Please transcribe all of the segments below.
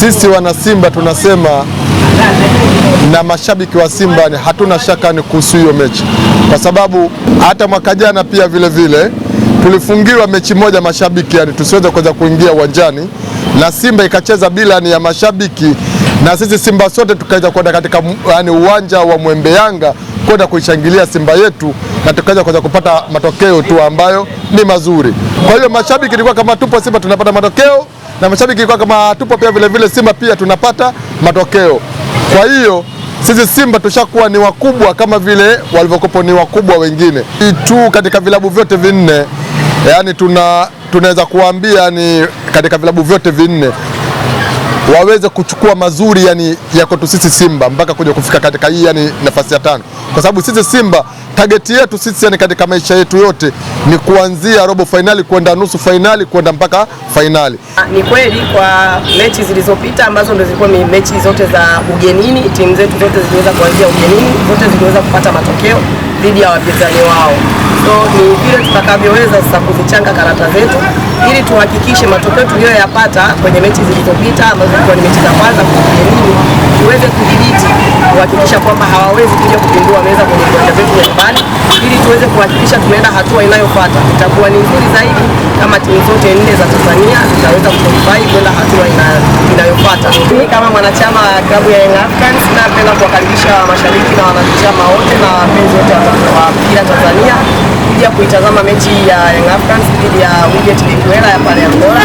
Sisi wana Simba tunasema na mashabiki wa Simba ni hatuna shaka ni kuhusu hiyo mechi, kwa sababu hata mwaka jana pia vile vile tulifungiwa mechi moja mashabiki, yani tusiweze kuweza kuingia uwanjani na Simba ikacheza bila ni ya mashabiki, na sisi Simba sote tukaweza kwenda katika yani uwanja wa Mwembe Yanga kwenda kuishangilia Simba yetu na tukaweza kuweza kupata matokeo tu ambayo ni mazuri. Kwa hiyo mashabiki ilikuwa kama tupo Simba tunapata matokeo na mashabiki kwa kama tupo pia vile vile Simba pia tunapata matokeo. Kwa hiyo sisi Simba tushakuwa ni wakubwa kama vile walivyokuwa ni wakubwa wengine tu katika vilabu vyote vinne, yaani tuna tunaweza kuambia ni katika vilabu vyote vinne waweze kuchukua mazuri yani ya kwetu sisi Simba mpaka kuja kufika katika hii yani nafasi ya tano, kwa sababu sisi Simba Tageti yetu sisi ni katika maisha yetu yote ni kuanzia robo fainali kwenda nusu fainali kwenda mpaka fainali. Ah, ni kweli kwa mechi zilizopita ambazo ndio zilikuwa mechi zote za ugenini, timu zetu zote ziliweza kuanzia ugenini, zote ziliweza kupata matokeo dhidi ya wapinzani wao. So ni vile tutakavyoweza sasa kuzichanga karata zetu ili tuhakikishe matokeo tuliyoyapata kwenye mechi zilizopita ambazo zilikuwa ni mechi za kwanza kwa ugenini tuweze kuhakikisha kwamba hawawezi kuja kupindua meza kwenye viwanja vyetu vya nyumbani, ili tuweze kuhakikisha tunaenda hatua inayofuata. Itakuwa ni nzuri zaidi kama timu zote nne za Tanzania zitaweza kuqualify kwenda hatua inayofuata. Mimi kama mwanachama wa klabu ya Young Africans napenda kuwakaribisha mashabiki na wanachama wote na wapenzi wote wa mpira Tanzania kuja kuitazama mechi ya Young Africans dhidi ya Wydad Benguela ya pale Angola.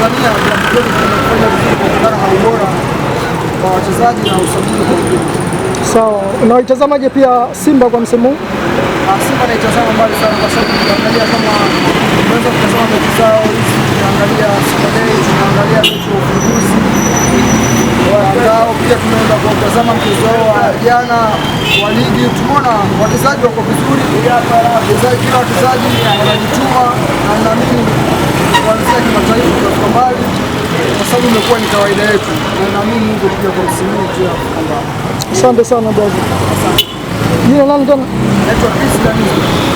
Tanzania kufanya vizuri kutokana na ubora wa wachezaji na usajili kwa ujumla. Sawa, unaitazamaje pia Simba kwa msimu huu? Ah, Simba naitazama mbali sana kwa sababu tunaangalia kama tunaweza kutazama mechi zao hizi, tunaangalia Saturday, tunaangalia mechi ya ufunguzi wao pia tunaenda kutazama mchezo wao wa jana wa ligi. Tumeona wachezaji wako vizuri, wachezaji kila wachezaji wanajituma na naamini kuanzia kimataifa hili imekuwa ni kawaida yetu, na naamini Mungu pia kwa msimu wetu. Asante sana brother. Jina lako tena? Naitwa Chris Daniel.